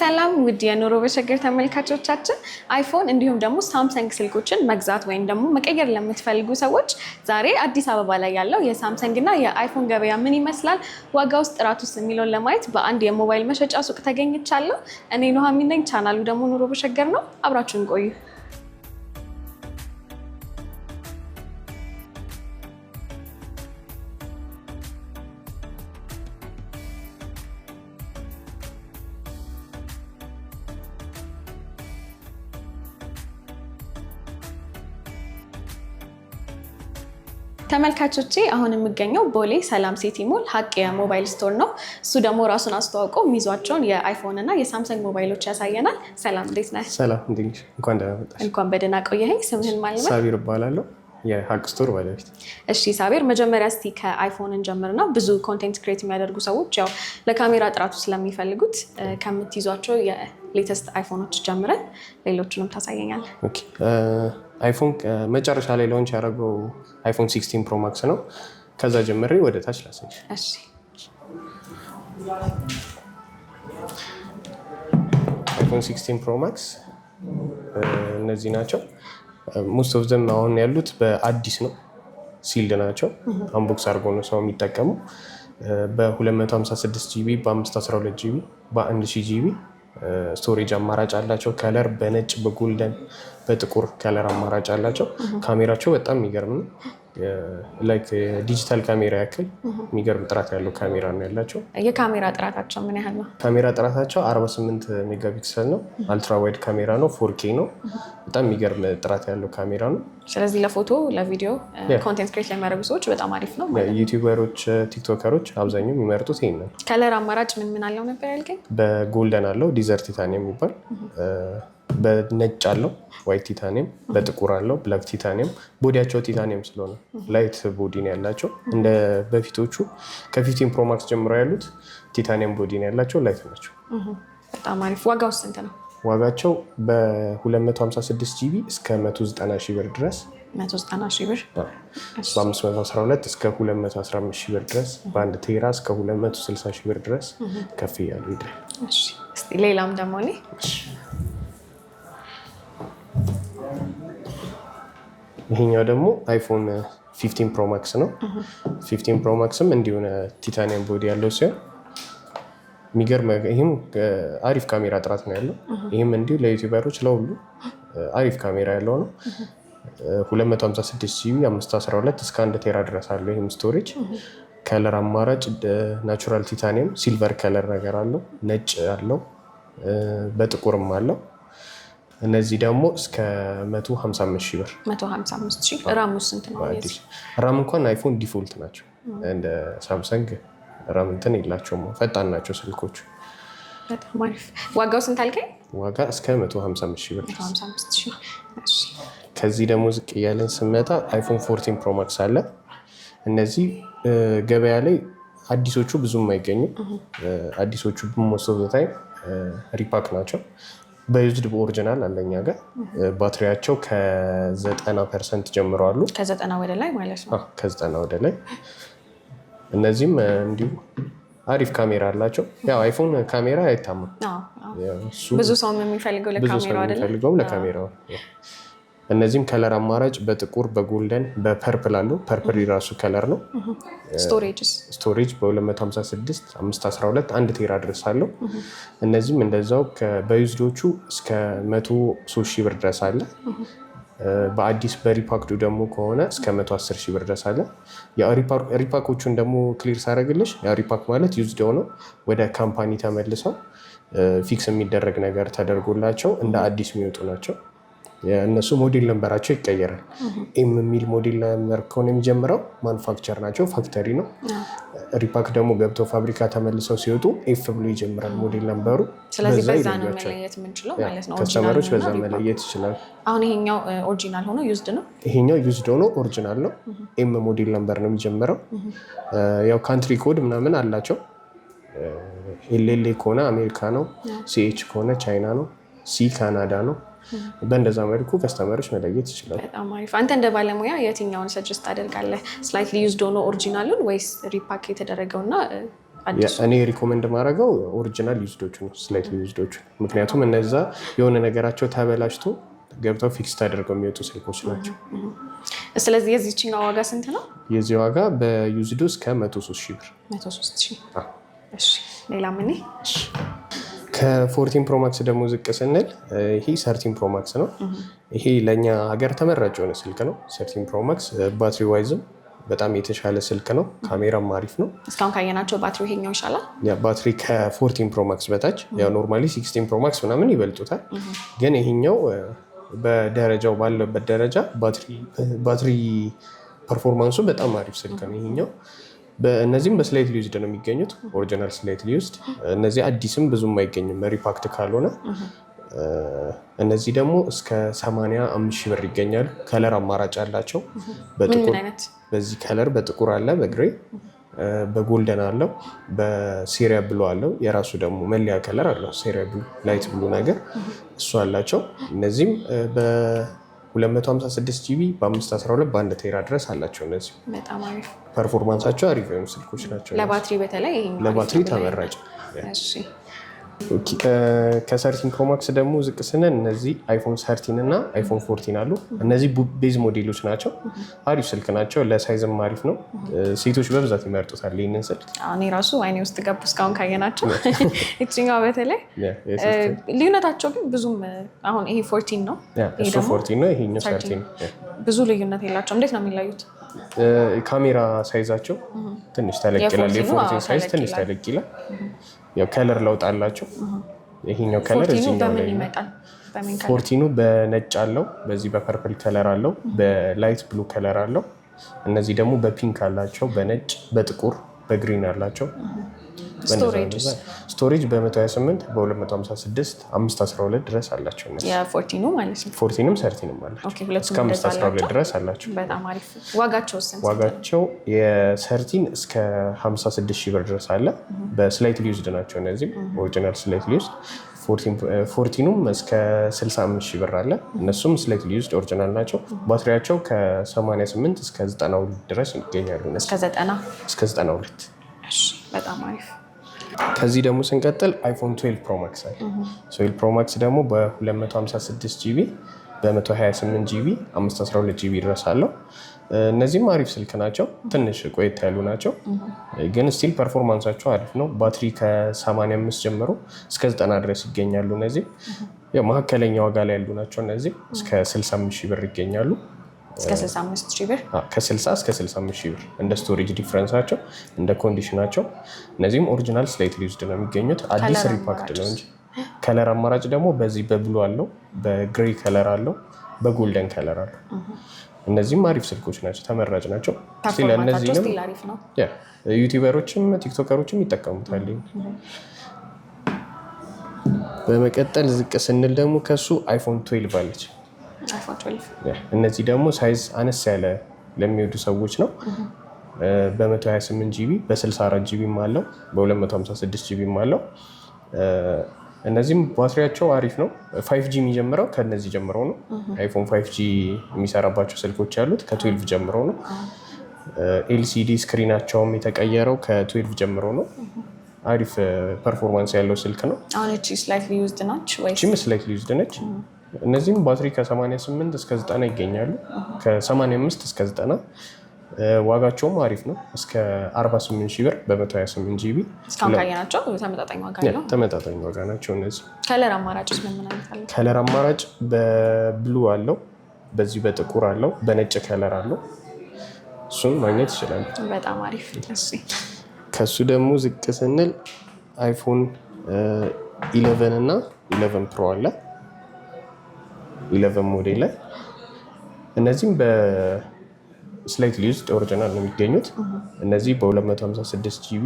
ሰላም ውድ የኑሮ በሸገር ተመልካቾቻችን፣ አይፎን እንዲሁም ደግሞ ሳምሰንግ ስልኮችን መግዛት ወይም ደግሞ መቀየር ለምትፈልጉ ሰዎች ዛሬ አዲስ አበባ ላይ ያለው የሳምሰንግ እና የአይፎን ገበያ ምን ይመስላል፣ ዋጋ ውስጥ ጥራት ውስጥ የሚለውን ለማየት በአንድ የሞባይል መሸጫ ሱቅ ተገኝቻለሁ። እኔ ኑሃሚን ነኝ። ቻናሉ ደግሞ ኑሮ በሸገር ነው። አብራችሁን ቆዩ። ተመልካቾቼ አሁን የምገኘው ቦሌ ሰላም ሲቲ ሞል ሀቅ የሞባይል ስቶር ነው። እሱ ደግሞ ራሱን አስተዋውቆ የሚዟቸውን የአይፎን እና የሳምሰንግ ሞባይሎች ያሳየናል። ሰላም እንዴት ነህ? ሰላም እንዴት ነሽ? እንኳን ደህና መጣሽ። እንኳን በደህና ቆየኸኝ። ስምህን ማለት ነው? ሳቢር እባላለሁ የሀቅ ስቶር ባለቤት። እሺ ሳቤር፣ መጀመሪያ እስቲ ከአይፎን ነው። ብዙ ኮንቴንት ክሬት የሚያደርጉ ሰዎች ያው ለካሜራ ጥራቱ ስለሚፈልጉት ከምትይዟቸው የሌተስት አይፎኖች ጀምረን ሌሎችንም ታሳየኛል። አይፎን መጨረሻ ላይ ሎንች ያደረገው አይፎን ሲክስቲን ፕሮ ማክስ ነው። ከዛ ጀምሬ ወደ ታች ላሰኝ። አይፎን ሲክስቲን ፕሮ ማክስ እነዚህ ናቸው። ሞስት ኦፍ ዘም አሁን ያሉት በአዲስ ነው፣ ሲልድ ናቸው። አንቦክስ አድርጎ ነው ሰው የሚጠቀሙ በ256 ጂቢ፣ በ512 ጂቢ፣ በ1000 ጂቢ ስቶሬጅ አማራጭ አላቸው። ከለር በነጭ በጎልደን በጥቁር ከለር አማራጭ አላቸው። ካሜራቸው በጣም የሚገርም ነው። ዲጂታል ካሜራ ያክል የሚገርም ጥራት ያለው ካሜራ ነው ያላቸው። የካሜራ ጥራታቸው ምን ያህል ነው? ካሜራ ጥራታቸው 48 ሜጋፒክሰል ነው። አልትራ ዋይድ ካሜራ ነው። ፎርኬ ነው። በጣም የሚገርም ጥራት ያለው ካሜራ ነው። ስለዚህ ለፎቶ ለቪዲዮ ኮንቴንት ክሬት ለሚያደርጉ ሰዎች በጣም አሪፍ ነው። ዩቲዩበሮች፣ ቲክቶከሮች አብዛኛው የሚመርጡት ይህን ነው። ከለር አማራጭ ምን ምን አለው ነበር ያልከኝ? በጎልደን አለው ዲዘርት ታን የሚባል በነጭ አለው ዋይት ቲታኒየም፣ በጥቁር አለው ብላክ ቲታኒየም። ቦዲያቸው ቲታኒየም ስለሆነ ላይት ቦዲን ያላቸው እንደ በፊቶቹ ከፊፍቲን ፕሮማክስ ጀምሮ ያሉት ቲታኒየም ቦዲን ያላቸው ላይት ናቸው። በጣም አሪፍ። ዋጋው ስንት ነው? ዋጋቸው በ256 ጂቢ እስከ 190 ሺህ ብር ድረስ በ512 እስከ 215 ብር ድረስ በአንድ ቴራ እስከ 260 ሺ ብር ድረስ ከፍ እያሉ ይደል። ሌላም ደግሞ ይሄኛው ደግሞ አይፎን ፊፍቲን ማክስ ነው። ፊፍቲን ፕሮማክስም እንዲሁን ቲታኒየም ቦዲ ያለው ሲሆን የሚገርም ይህም አሪፍ ካሜራ ጥራት ነው ያለው። ይህም እንዲሁ ለዩቲዩበሮች ለሁሉ አሪፍ ካሜራ ያለው ነው። 256 ጂቢ 512 እስከ አንድ ቴራ ድረስ አለው። ይህም ስቶሬጅ ከለር አማራጭ ናቹራል ቲታኒየም ሲልቨር ከለር ነገር አለው፣ ነጭ አለው፣ በጥቁርም አለው። እነዚህ ደግሞ እስከ 155 ሺህ ብር ራሙ ስንት ነው? ራም እንኳን አይፎን ዲፎልት ናቸው። እንደ ሳምሰንግ ራም እንትን የላቸውም። ፈጣን ናቸው ስልኮቹ። ዋጋው ስንት አልከኝ? ዋጋ እስከ 155 ሺህ ብር። ከዚህ ደግሞ ዝቅ እያለን ስንመጣ አይፎን 14 ፕሮማክስ አለ። እነዚህ ገበያ ላይ አዲሶቹ ብዙም አይገኙም። አዲሶቹ ታይም ሪፓክ ናቸው በዩዝድ ኦሪጂናል አለኛ ጋር ባትሪያቸው ከዘጠና ፐርሰንት ጀምሮ አሉ። ከዘጠና ወደ ላይ ማለት ነው። ከዘጠና ወደ ላይ እነዚህም እንዲሁ አሪፍ ካሜራ አላቸው። ያው አይፎን ካሜራ አይታማም። ብዙ ሰው የሚፈልገው ለካሜራው እነዚህም ከለር አማራጭ በጥቁር በጎልደን በፐርፕል አሉ። ፐርፕል የራሱ ከለር ነው። ስቶሬጅ በ256 512 አንድ ቴራ ድረስ አለው። እነዚህም እንደዛው በዩዝዶቹ እስከ 100 ሺህ ብር ድረስ አለ። በአዲስ በሪፓክዱ ደግሞ ከሆነ እስከ 110 ሺህ ብር ድረስ አለ። ሪፓኮቹን ደግሞ ክሊር ሳደርግልሽ ሪፓክ ማለት ዩዝድ ነው ወደ ካምፓኒ ተመልሰው ፊክስ የሚደረግ ነገር ተደርጎላቸው እንደ አዲስ የሚወጡ ናቸው። የእነሱ ሞዴል ነንበራቸው ይቀየራል። ኤም የሚል ሞዴል ነንበር ከሆነ የሚጀምረው ማኑፋክቸር ናቸው፣ ፋክተሪ ነው። ሪፓክ ደግሞ ገብተው ፋብሪካ ተመልሰው ሲወጡ ኤፍ ብሎ ይጀምራል ሞዴል ነንበሩ። ስለዚህ በዛ ነው መለየት የምንችለው ማለት ነው። ከስተመሮች በዛ መለየት ይችላል። አሁን ይሄኛው ኦሪጂናል ሆኖ ዩዝድ ነው፣ ይሄኛው ዩዝድ ሆኖ ኦሪጂናል ነው። ኤም ሞዴል ነንበር ነው የሚጀምረው። ያው ካንትሪ ኮድ ምናምን አላቸው። ኤልኤልኤ ከሆነ አሜሪካ ነው፣ ሲኤች ከሆነ ቻይና ነው፣ ሲ ካናዳ ነው በእንደዛ መልኩ ከስተመሮች መለየት ይችላል። በጣም አሪፍ። አንተ እንደ ባለሙያ የትኛውን ሰጀስት ታደርጋለህ? ስላይትሊ ዩዝድ ሆኖ ኦሪጂናሉን ወይስ ሪፓክ የተደረገውና እኔ ሪኮመንድ ማድረገው ኦሪጂናል ዩዝዶቹ ነው፣ ስላይትሊ ዩዝዶቹ። ምክንያቱም እነዛ የሆነ ነገራቸው ተበላሽቶ ገብተው ፊክስ ተደርገው የሚወጡ ስልኮች ናቸው። ስለዚህ የዚችኛው ዋጋ ስንት ነው? የዚህ ዋጋ በዩዝዶ እስከ 103 ሺህ ብር። ሌላ ምን ከፎርቲን ፕሮማክስ ደግሞ ዝቅ ስንል ይሄ ሰርቲን ፕሮማክስ ነው። ይሄ ለእኛ ሀገር ተመራጭ የሆነ ስልክ ነው። ሰርቲን ፕሮማክስ ባትሪ ዋይዝም በጣም የተሻለ ስልክ ነው። ካሜራም አሪፍ ነው። እስካሁን ካየናቸው ባትሪ ይሄኛው ይሻላል። ባትሪ ከፎርቲን ፕሮማክስ በታች ያው ኖርማሊ ሲክስቲን ፕሮማክስ ምናምን ይበልጡታል፣ ግን ይሄኛው በደረጃው ባለበት ደረጃ ባትሪ ፐርፎርማንሱ በጣም አሪፍ ስልክ ነው ይሄኛው እነዚህም በስሌት ሊዩዝድ ነው የሚገኙት። ኦሪጂናል ስሌት ሊዩዝድ እነዚህ አዲስም ብዙም አይገኝም ሪፓክት ካልሆነ። እነዚህ ደግሞ እስከ 85 ሺህ ብር ይገኛሉ። ከለር አማራጭ አላቸው። በዚህ ከለር በጥቁር አለ፣ በግሬ በጎልደን አለው፣ በሴሪያ ብሎ አለው። የራሱ ደግሞ መለያ ከለር አለው፣ ሴሪያ ብሉ ላይት ብሉ ነገር እሱ አላቸው። እነዚህም 256 ጂቢ በ512 በአንድ ቴራ ድረስ አላቸው። እነዚህ አሪፍ ፐርፎርማንሳቸው አሪፍ ወይም ስልኮች ናቸው። ለባትሪ በተለይ ለባትሪ ተመራጭ ከሰርቲን ፕሮማክስ ደግሞ ዝቅ ስነን እነዚህ አይፎን ሰርቲን እና አይፎን ፎርቲን አሉ። እነዚህ ቤዝ ሞዴሎች ናቸው። አሪፍ ስልክ ናቸው። ለሳይዝም አሪፍ ነው። ሴቶች በብዛት ይመርጡታል ይህንን ስልክ። እኔ ራሱ አይኔ ውስጥ ገቡ እስካሁን ካየናቸው ይችኛዋ በተለይ ልዩነታቸው ግን ብዙም አሁን ይሄ ፎርቲን ነው እሱ ፎርቲን ነው ይሄኛው ሰርቲን ብዙ ልዩነት የላቸው እንዴት ነው የሚለዩት? ካሜራ ሳይዛቸው ትንሽ ተለቅ ይላል። የፎርቲን ሳይዝ ትንሽ ተለቅ ይላል። ያው ከለር ለውጥ አላቸው። ይሄኛው ከለር እዚህኛው ላይ ፎርቲኑ በነጭ አለው፣ በዚህ በፐርፕል ከለር አለው፣ በላይት ብሉ ከለር አለው። እነዚህ ደግሞ በፒንክ አላቸው፣ በነጭ በጥቁር በግሪን አላቸው። ስቶሬጅ በ128 በ256 512 ድረስ አላቸው። ፎርቲኑ ማለት ፎርቲኑም ሰርቲኑም አላቸው እስከ 512 ድረስ አላቸው። ዋጋቸው የሰርቲን እስከ 56 ሺህ ብር ድረስ አለ። በስላይት ሊዩዝድ ናቸው እነዚህም ኦሪጂናል ስላይት ሊዩዝድ። ፎርቲኑም እስከ 65 ሺህ ብር አለ። እነሱም ስላይት ሊዩዝድ ኦሪጂናል ናቸው። ባትሪያቸው ከ88 እስከ 92 ድረስ ይገኛሉ። እስከ 92 በጣም አሪፍ ከዚህ ደግሞ ስንቀጥል አይፎን 12 ፕሮማክስ አለ። 12 ፕሮማክስ ደግሞ በ256 ጂቢ በ128 ጂቢ 512 ጂቢ ድረስ አለው። እነዚህም አሪፍ ስልክ ናቸው። ትንሽ ቆየት ያሉ ናቸው፣ ግን ስቲል ፐርፎርማንሳቸው አሪፍ ነው። ባትሪ ከ85 ጀምሮ እስከ 90 ድረስ ይገኛሉ። እነዚህ መካከለኛ ዋጋ ላይ ያሉ ናቸው። እነዚህ እስከ 65 ሺህ ብር ይገኛሉ። እስከ 65 ሺህ ብር ከ60 እስከ 65 ብር እንደ ስቶሬጅ ዲፍረንሳቸው እንደ ኮንዲሽናቸው። እነዚህም ኦሪጂናል ስላይት ሪዩዝድ ነው የሚገኙት። አዲስ ሪፓክድ ነው እንጂ ከለር አማራጭ ደግሞ በዚህ በብሉ አለው፣ በግሬ ከለር አለው፣ በጎልደን ከለር አለው። እነዚህም አሪፍ ስልኮች ናቸው፣ ተመራጭ ናቸው። እነዚህንም ዩቲበሮችም ቲክቶከሮችም ይጠቀሙታል። በመቀጠል ዝቅ ስንል ደግሞ ከሱ አይፎን 12 አለች እነዚህ ደግሞ ሳይዝ አነስ ያለ ለሚወዱ ሰዎች ነው። በ128 ጂቢ በ64 ጂቢም አለው በ256 ጂቢ አለው። እነዚህም ባትሪያቸው አሪፍ ነው። ፋይቭ ጂ የሚጀምረው ከነዚህ ጀምሮ ነው። አይፎን ፋይቭ ጂ የሚሰራባቸው ስልኮች ያሉት ከትዌልቭ ጀምሮ ነው። ኤልሲዲ ስክሪናቸውም የተቀየረው ከትዌልቭ ጀምሮ ነው። አሪፍ ፐርፎርማንስ ያለው ስልክ ነው። ስላይትሊ ዩዝድ ነች። እነዚህም ባትሪ ከ88 እስከ 90 ይገኛሉ። ከ85 እስከ 90 ዋጋቸውም አሪፍ ነው። እስከ 48 ሺህ ብር በ128 ጂቢ እስካሁን ካየናቸው ተመጣጣኝ ዋጋ ነው። ተመጣጣኝ ዋጋ ናቸው እነዚህ። ከለር አማራጭ ምን ከለር አማራጭ በብሉ አለው፣ በዚህ በጥቁር አለው፣ በነጭ ከለር አለው። እሱን ማግኘት ይችላል በጣም አሪፍ። ከእሱ ደግሞ ዝቅ ስንል አይፎን ኢለቨን እና ኢለቨን ፕሮ አለ ኢለቨን ሞዴል ላይ እነዚህም በስላይት ሊውስድ ኦሪጂናል ነው የሚገኙት። እነዚህ በ256 ጂቢ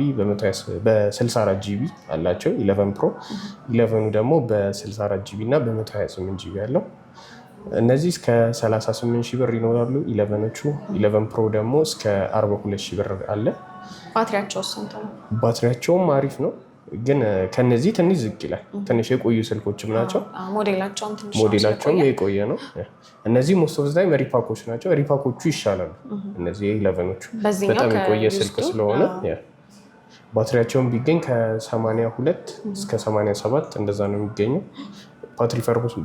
በ64 ጂቢ አላቸው ኢለቨን ፕሮ። ኢለቨኑ ደግሞ በ64 ጂቢ እና በ128 ጂቢ አለው። እነዚህ እስከ 38 ሺህ ብር ይኖራሉ። ኢለቨኖቹ ኢለቨን ፕሮ ደግሞ እስከ 42 ሺህ ብር አለ። ባትሪያቸው ባትሪያቸውም አሪፍ ነው። ግን ከነዚህ ትንሽ ዝቅ ይላል። ትንሽ የቆዩ ስልኮችም ናቸው። ሞዴላቸውም የቆየ ነው። እነዚህ ሞስት ኦፍ ታይም ሪፓኮች ናቸው። ሪፓኮቹ ይሻላሉ። እነዚህ ኢለቨኖቹ በጣም የቆየ ስልክ ስለሆነ ባትሪያቸውን ቢገኝ ከ82 እስከ 87 እንደዛ ነው የሚገኘው። ባትሪ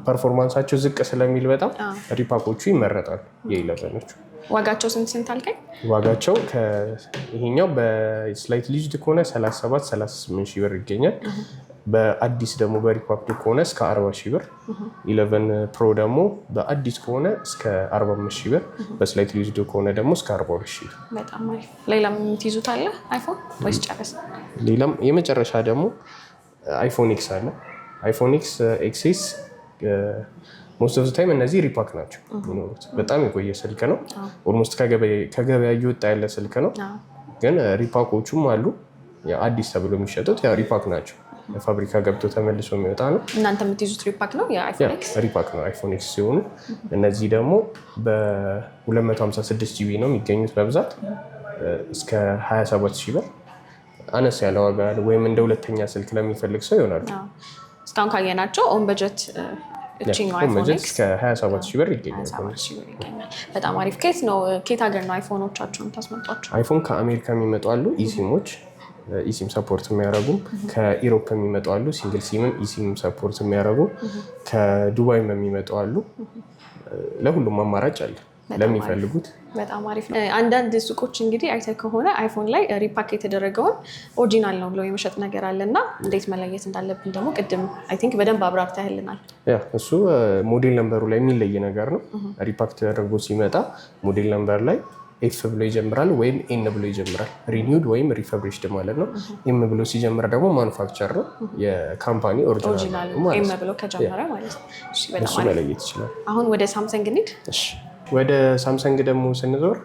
ፐርፎርማንሳቸው ዝቅ ስለሚል በጣም ሪፓኮቹ ይመረጣሉ የኢለቨኖቹ ዋጋቸው ስንት ስንት አልከኝ? ዋጋቸው ይሄኛው በስላይት ሊጅድ ከሆነ 37 38 ሺ ብር ይገኛል። በአዲስ ደግሞ በሪፓብሊክ ከሆነ እስከ 40 ሺ ብር፣ ኢለቨን ፕሮ ደግሞ በአዲስ ከሆነ እስከ 45 ሺ ብር፣ በስላይት ሊጅድ ከሆነ ደግሞ እስከ 42 ሺ ብር። በጣም አሪፍ። ሌላም የምትይዙት አለ አይፎን ወይስ ጨረስ? ሌላም የመጨረሻ ደግሞ አይፎን ኤክስ አለ። አይፎን ኤክስ ኤክሴስ ሞስት ኦፍ ታይም እነዚህ ሪፓክ ናቸው የሚኖሩት። በጣም የቆየ ስልክ ነው። ኦልሞስት ከገበያ እየወጣ ያለ ስልክ ነው። ግን ሪፓኮቹም አሉ አዲስ ተብሎ የሚሸጡት ሪፓክ ናቸው። ፋብሪካ ገብቶ ተመልሶ የሚወጣ ነው። እናንተ የምትይዙት ሪፓክ ነው ሪፓክ ነው አይፎን ኤክስ ሲሆኑ እነዚህ ደግሞ በ256 ጂቢ ነው የሚገኙት በብዛት እስከ 27 ሺህ ብር አነስ ያለ ዋጋ ወይም እንደ ሁለተኛ ስልክ ለሚፈልግ ሰው ይሆናሉ። እስካሁን ካየናቸው ኦን በጀት እችኛው አይፎን ኤክስ ከ27 ሺህ ብር ይገኛል። በጣም አሪፍ። ከየት ነው ከየት ሀገር ነው አይፎኖቻቸውን ታስመጧቸው? አይፎን ከአሜሪካ የሚመጡ አሉ ኢሲሞች ኢሲም ሰፖርት የሚያደረጉ ከኢሮፕ የሚመጡ አሉ። ሲንግል ሲምን ኢሲም ሰፖርት የሚያደርጉ ከዱባይም የሚመጡ አሉ። ለሁሉም አማራጭ አለ። ለሚፈልጉት በጣም አሪፍ ነው። አንዳንድ ሱቆች እንግዲህ አይተህ ከሆነ አይፎን ላይ ሪፓክ የተደረገውን ኦሪጂናል ነው ብለው የመሸጥ ነገር አለ እና እንዴት መለየት እንዳለብን ደግሞ ቅድም አይ ቲንክ በደንብ አብራርተህ ያህልናል። እሱ ሞዴል ነንበሩ ላይ የሚለይ ነገር ነው። ሪፓክ ተደርጎ ሲመጣ ሞዴል ነንበር ላይ ኤፍ ብሎ ይጀምራል ወይም ኤን ብሎ ይጀምራል። ሪኒውድ ወይም ሪፈብሪሽድ ማለት ነው። ኤም ብሎ ሲጀምር ደግሞ ማኑፋክቸር ነው የካምፓኒ ኦሪጂናል ብሎ ከጀመረ ማለት ነው። እሱ መለየት ይችላል። አሁን ወደ ሳምሰንግ እንሂድ። ወደ ሳምሰንግ ደግሞ ስንዞር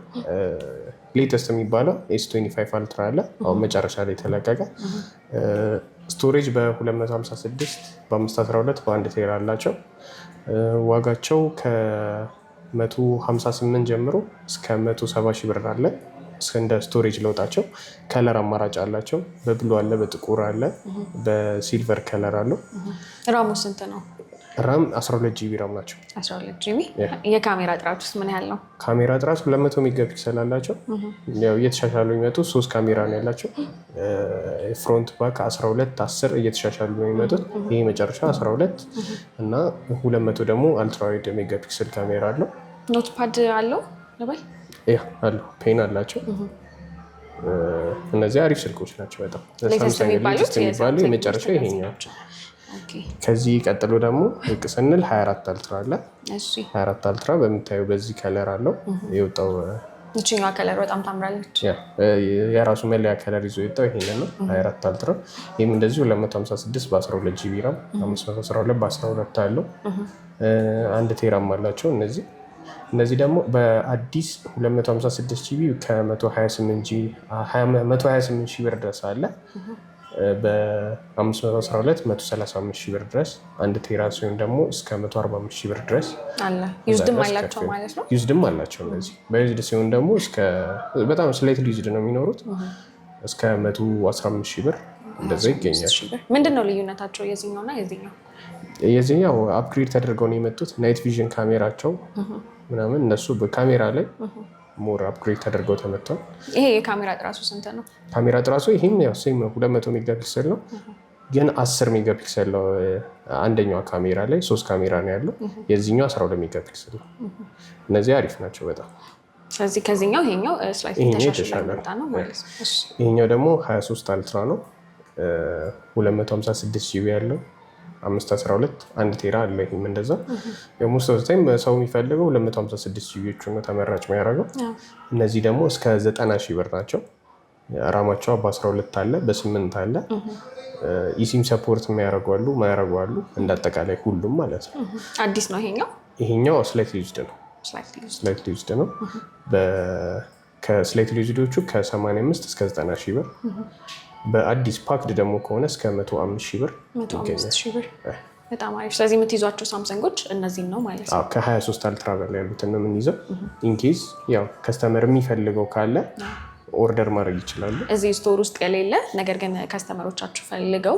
ሌተስት የሚባለው ኤስ 25 አልትራ አለ። አሁን መጨረሻ ላይ የተለቀቀ ስቶሬጅ በ256 በ512 በአንድ ቴራ አላቸው። ዋጋቸው ከ158 ጀምሮ እስከ 170 ሺህ ብር አለ። እንደ ስቶሬጅ ለውጣቸው ከለር አማራጭ አላቸው። በብሉ አለ፣ በጥቁር አለ፣ በሲልቨር ከለር አለው። ራሙ ስንት ነው? ራም 12 ጂቢ ራም ናቸው። 12 ጂቢ። የካሜራ ጥራት ውስጥ ምን ያህል ነው? ካሜራ ጥራት 200 ሜጋ ፒክሰል አላቸው። ያው እየተሻሻሉ የሚመጡ ሶስት ካሜራ ነው ያላቸው። ፍሮንት ባክ 12 10 እየተሻሻሉ ነው የሚመጡት። ይህ መጨረሻ 12 እና 200 ደግሞ አልትራዋይድ ሜጋ ፒክሰል ካሜራ አለው። ኖትፓድ አለው ልበል? ያ አለው። ፔን አላቸው። እነዚህ አሪፍ ስልኮች ናቸው በጣም ሳምሰንግ ሊስት የሚባሉ የመጨረሻ ይሄኛቸው ከዚህ ቀጥሎ ደግሞ ብቅ ስንል 24 አልትራ አለ። 24 አልትራ በምታየው በዚህ ከለር አለው የወጣው ከለር በጣም ታምራለች። የራሱ መለያ ከለር ይዞ የወጣው ይሄን ነው 24 አልትራ። ይህም እንደዚሁ 256 በ12 ጂቢ ራም 512 በ12 አለው። አንድ ቴራም አላቸው እነዚህ እነዚህ ደግሞ በአዲስ 256 ጂቢ ከ128 ሺ ብር ድረስ አለ። በ512 135 ሺህ ብር ድረስ አንድ ቴራ ሲሆን ደግሞ እስከ 145 ሺህ ብር ድረስ ዩዝድም አላቸው ማለት ነው። ዩዝድም አላቸው እነዚህ በዩዝድ ሲሆን ደግሞ በጣም ስላይትሊ ዩዝድ ነው የሚኖሩት እስከ 115 ሺህ ብር እንደዛ ይገኛል። ምንድን ነው ልዩነታቸው የዚህኛውና የዚህኛው? የዚህኛው አፕግሬድ ተደርገው ነው የመጡት ናይት ቪዥን ካሜራቸው ምናምን እነሱ በካሜራ ላይ ሞር አፕግሬድ ተደርገው ተመጥቷል። ይሄ የካሜራ ጥራሱ ስንት ነው? ካሜራ ጥራሱ ይህም ያው ሴም ነው፣ ሁለት መቶ ሜጋ ፒክሰል ነው ግን አስር ሜጋ ፒክሰል ነው። አንደኛው ካሜራ ላይ ሶስት ካሜራ ነው ያለው፣ የዚህኛው አስራ ሁለት ሜጋ ፒክሰል ነው። እነዚህ አሪፍ ናቸው በጣም ስለዚህ ከዚህኛው ይሄኛው ስላይት ተሻሽሎ የመጣ ነው ማለት ነው። ይሄኛው ደግሞ 23 አልትራ ነው 256 ጂቢ ያለው አምስት አስራ ሁለት አንድ ቴራ አለ። ይህም እንደዛ የሞስት ኦፍ ታይም ሰው የሚፈልገው ለመቶ ሀምሳ ስድስት ጂቢዎቹ ነው ተመራጭ የሚያደርገው። እነዚህ ደግሞ እስከ ዘጠና ሺህ ብር ናቸው። ራማቸው በአስራ ሁለት አለ፣ በስምንት አለ። ኢሲም ሰፖርት የሚያደርጉ አሉ፣ የማያደርጉ አሉ። እንደ ሁሉም ማለት ነው። አዲስ ነው ይሄኛው። ይሄኛው ስላይት ሊውዝድ ነው። ስላይት ሊውዝድ ነው። ከስላይት ሊውዝዶቹ ከ85 እስከ 90 ሺህ ብር በአዲስ ፓክድ ደግሞ ከሆነ እስከ መቶ አምስት ሺህ ብር በጣም አሪፍ። ስለዚህ የምትይዟቸው ሳምሰንጎች እነዚህን ነው ማለት ነው። ከ23 አልትራ በላይ ያሉትን ነው የምንይዘው። ኢንኬዝ ያው ከስተመር የሚፈልገው ካለ ኦርደር ማድረግ ይችላሉ። እዚህ ስቶር ውስጥ የሌለ ነገር ግን ከስተመሮቻችሁ ፈልገው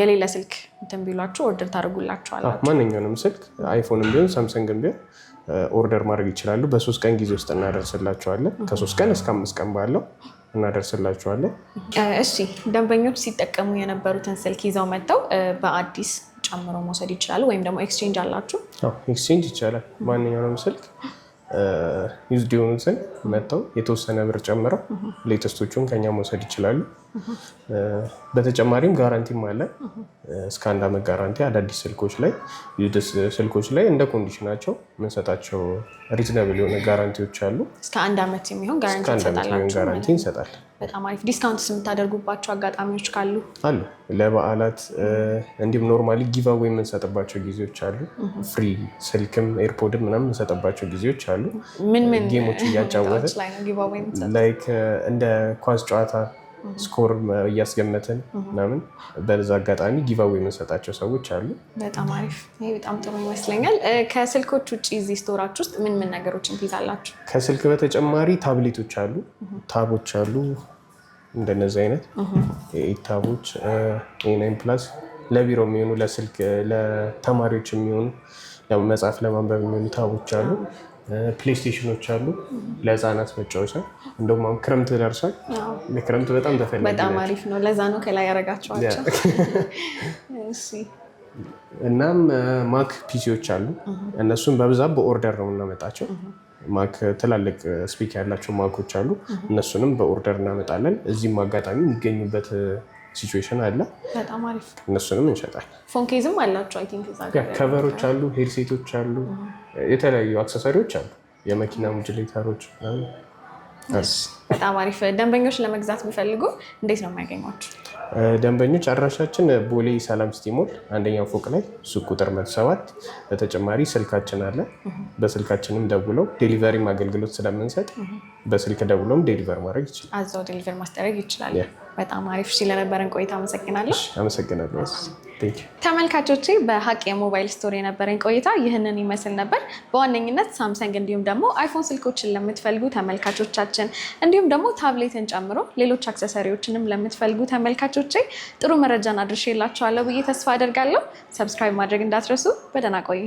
የሌለ ስልክ እንትን ቢሏችሁ ኦርደር ታደርጉላችኋል። ማንኛውንም ስልክ አይፎንም ቢሆን ሳምሰንግም ቢሆን ኦርደር ማድረግ ይችላሉ። በሶስት ቀን ጊዜ ውስጥ እናደርስላቸዋለን። ከሶስት ቀን እስከ አምስት ቀን ባለው እናደርስላቸዋለን። እሺ ደንበኞች ሲጠቀሙ የነበሩትን ስልክ ይዘው መጥተው በአዲስ ጨምሮ መውሰድ ይችላሉ፣ ወይም ደግሞ ኤክስቼንጅ አላችሁ? ኤክስቼንጅ ይቻላል። ማንኛውንም ስልክ ዩዝድ የሆኑትን መጥተው የተወሰነ ብር ጨምረው ሌተስቶቹን ከኛ መውሰድ ይችላሉ። በተጨማሪም ጋራንቲም አለ እስከ አንድ ዓመት ጋራንቲ አዳዲስ ስልኮች ላይ ስልኮች ላይ እንደ ኮንዲሽናቸው የምንሰጣቸው ሪዝነብል የሆነ ጋራንቲዎች አሉ። እስከ አንድ ዓመት የሚሆን ጋራንቲ እንሰጣለን። በጣም አሪፍ ዲስካውንትስ የምታደርጉባቸው አጋጣሚዎች ካሉ አሉ። ለበዓላት እንዲሁም ኖርማሊ ጊቫዌ የምንሰጥባቸው ጊዜዎች አሉ። ፍሪ ስልክም ኤርፖድም ምናምን የምንሰጥባቸው ጊዜዎች አሉ። ምን ምን ጌሞች እያጫወተ ላይክ እንደ ኳስ ጨዋታ ስኮር እያስገመትን ምናምን በዛ አጋጣሚ ጊቫዌ የምንሰጣቸው ሰዎች አሉ። በጣም አሪፍ። ይሄ በጣም ጥሩ ይመስለኛል። ከስልኮች ውጭ እዚህ ስቶራች ውስጥ ምን ምን ነገሮችን ትይዛላችሁ? ከስልክ በተጨማሪ ታብሌቶች አሉ፣ ታቦች አሉ። እንደነዚህ አይነት ታቦች ኤናይን ፕላስ ለቢሮ የሚሆኑ ለስልክ ለተማሪዎች የሚሆኑ መጽሐፍ ለማንበብ የሚሆኑ ታቦች አሉ። ፕሌስቴሽኖች አሉ ለህፃናት መጫወቻ። እንደውም አሁን ክረምት ደርሷል። ለክረምት በጣም ተፈላጊ በጣም አሪፍ ነው። ለዛ ነው ከላይ ያረጋቸዋቸው። እናም ማክ ፒሲዎች አሉ። እነሱን በብዛት በኦርደር ነው እናመጣቸው። ማክ ትላልቅ ስፒክ ያላቸው ማኮች አሉ። እነሱንም በኦርደር እናመጣለን። እዚህም አጋጣሚ የሚገኙበት ሲቹዌሽን አለ። በጣም አሪፍ። እነሱንም እንሸጣለን። ፎን ኬዝም አላቸው። አይ ቲንክ እዛ ከቨሮች አሉ፣ ሄድሴቶች አሉ፣ የተለያዩ አክሰሰሪዎች አሉ፣ የመኪና ሞጁሌተሮች በጣም አሪፍ። ደንበኞች ለመግዛት ቢፈልጉ እንዴት ነው የሚያገኟቸው? ደንበኞች አድራሻችን ቦሌ ሰላም ስቲሞል አንደኛው ፎቅ ላይ ሱቅ ቁጥር መቶ ሰባት በተጨማሪ ስልካችን አለ። በስልካችንም ደውለው ዴሊቨሪም አገልግሎት ስለምንሰጥ በስልክ ደውለውም ዴሊቨር ማድረግ ይችላል። አዛው ዴሊቨር ማስደረግ ይችላል። በጣም አሪፍ ሺ ለነበረን ቆይታ አመሰግናለሁ። አመሰግናለሁ። ተመልካቾቼ በሀቅ የሞባይል ስቶር የነበረን ቆይታ ይህንን ይመስል ነበር። በዋነኝነት ሳምሰንግ እንዲሁም ደግሞ አይፎን ስልኮችን ለምትፈልጉ ተመልካቾቻችን እንዲሁም ደግሞ ታብሌትን ጨምሮ ሌሎች አክሰሰሪዎችንም ለምትፈልጉ ተመልካቾቼ ጥሩ መረጃን አድርሼላችኋለሁ ብዬ ተስፋ አደርጋለሁ። ሰብስክራይብ ማድረግ እንዳትረሱ። በደህና ቆይ